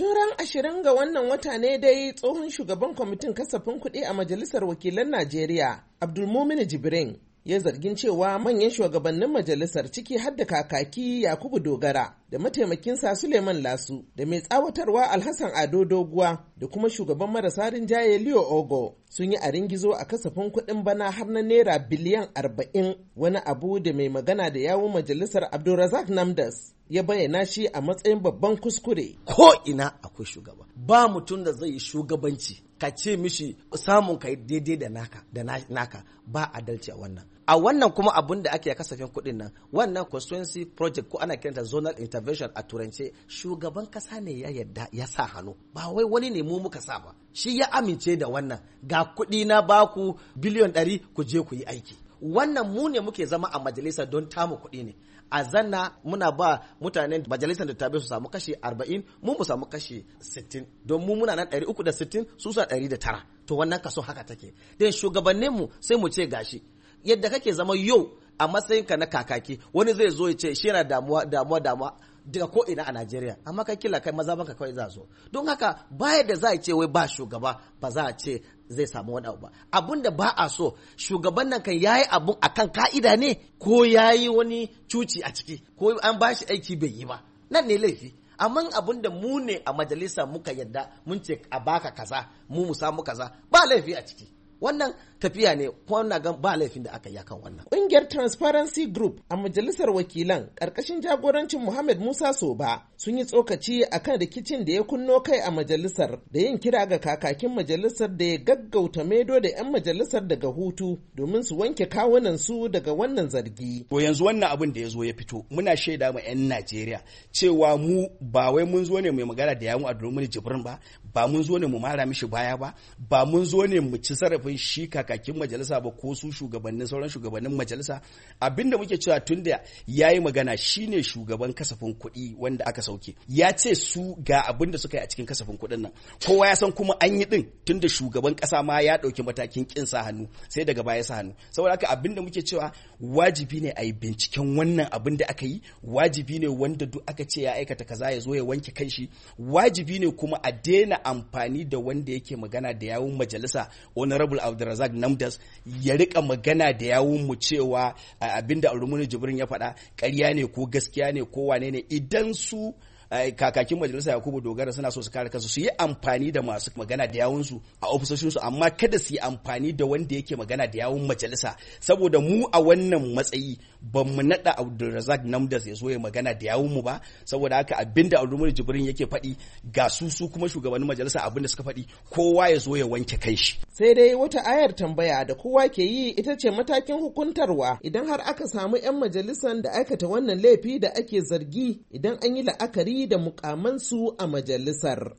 Turan ashirin ga wannan wata ne dai tsohon shugaban kwamitin kasafin kuɗi a Majalisar Wakilan Najeriya, Abdulmumin Jibrin, ya zargin cewa manyan shugabannin majalisar ciki har da kakaki Yakubu Dogara da mataimakin sa Suleiman Lasu da mai tsawatarwa Alhassan Ado Doguwa da kuma shugaban marasa rinjaye Leo Ogo sun yi a ringizo a kasafin kuɗin bana har na naira biliyan arba'in wani abu da mai magana da yawun majalisar Abdulrazak Namdas ya bayyana shi a matsayin babban kuskure. Ko ina akwai shugaba. Ba mutum da zai yi shugabanci ka ce mishi samun kai daidai da naka da naka ba adalci a wannan. A wannan kuma abun da ake kasafin kuɗin nan wannan constituency project ko ana kiranta zonal inter intervention a turance shugaban kasa ne ya yadda ya sa hannu ba wai wani ne mu muka sa ba shi ya amince da wannan ga kuɗi na baku biliyon ɗari ku je ku yi aiki wannan mu ne muke zama a majalisa don tamu kuɗi ne a zanna muna ba mutanen majalisar tabe su samu kashi 40 mu mu samu kashi 60 don mu muna nan 360 su sa 109 to wannan kaso haka take dan shugabannin mu sai mu ce gashi yadda kake zama yau a matsayinka na kakaki wani zai zo ya ce shi yana damuwa damuwa damuwa daga ko ina a Najeriya amma kai kila kai maza banka kawai za zo don haka baya da za a ce wai ba shugaba ba za a ce zai samu wani abu ba abun da ba a so shugaban nan kan yayi abun akan ka'ida ne ko yayi wani cuci a ciki ko an ba shi aiki bai yi ba nan ne laifi amma abun da mu ne a majalisa muka yadda mun ce a baka kaza mu mu samu kaza ba laifi a ciki wannan tafiya ne ko na gan ba laifin da aka yi kan wannan ƙungiyar transparency group a majalisar wakilan ƙarƙashin jagorancin muhammad musa soba sun yi tsokaci a kan rikicin da ya kunno kai a majalisar da yin kira ga kakakin majalisar da ya gaggauta maido da 'yan majalisar daga hutu domin su wanke kawunan daga wannan zargi to yanzu wannan abin da ya zo ya fito muna shaida ma 'yan najeriya cewa mu ba wai mun zo ne mai magana da yawun domin jibrin ba ba mun zo ne mu mara mishi baya ba ba mun zo ne mu ci sarrafin shi kakakin majalisa ba ko su shugabannin sauran shugabannin majalisa abinda muke cewa tun da ya yi magana shine shugaban kasafin kuɗi wanda aka sauke ya ce su ga abin da suka yi a cikin kasafin kuɗin nan kowa ya san kuma an yi ɗin tun da shugaban ƙasa ma ya ɗauki matakin ƙin sa hannu sai daga baya sa hannu saboda haka abin da muke cewa wajibi ne a yi binciken wannan abin da aka yi wajibi ne wanda duk aka ce ya aikata kaza ya zo ya wanke kanshi wajibi ne kuma a daina amfani da wanda yake magana da yawun majalisa honorable abdulrazak namdas ya rika magana da yawun mu cewa abinda arumuni jibrin ya faɗa Karya ne ko gaskiya ne ko wane ne idan su kakakin majalisa Yakubu Dogara suna so su kare kansu su yi amfani da masu magana da yawun a ofisoshin su amma kada su yi amfani da wanda yake magana da yawun majalisa saboda mu a wannan matsayi ba mu nada Abdulrazak Namdas ya zo ya magana da yawun mu ba saboda haka abinda Abdulmumin Jibrin yake faɗi ga su su kuma shugabannin majalisa abinda suka faɗi kowa ya zo ya wanke kanshi sai dai wata ayar tambaya da kowa ke yi ita ce matakin hukuntarwa idan har aka samu 'yan majalisan da aikata wannan laifi da ake zargi idan an yi la'akari Yi da mukamansu a majalisar.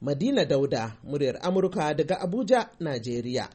Madina Dauda, muryar Amurka daga Abuja, Najeriya.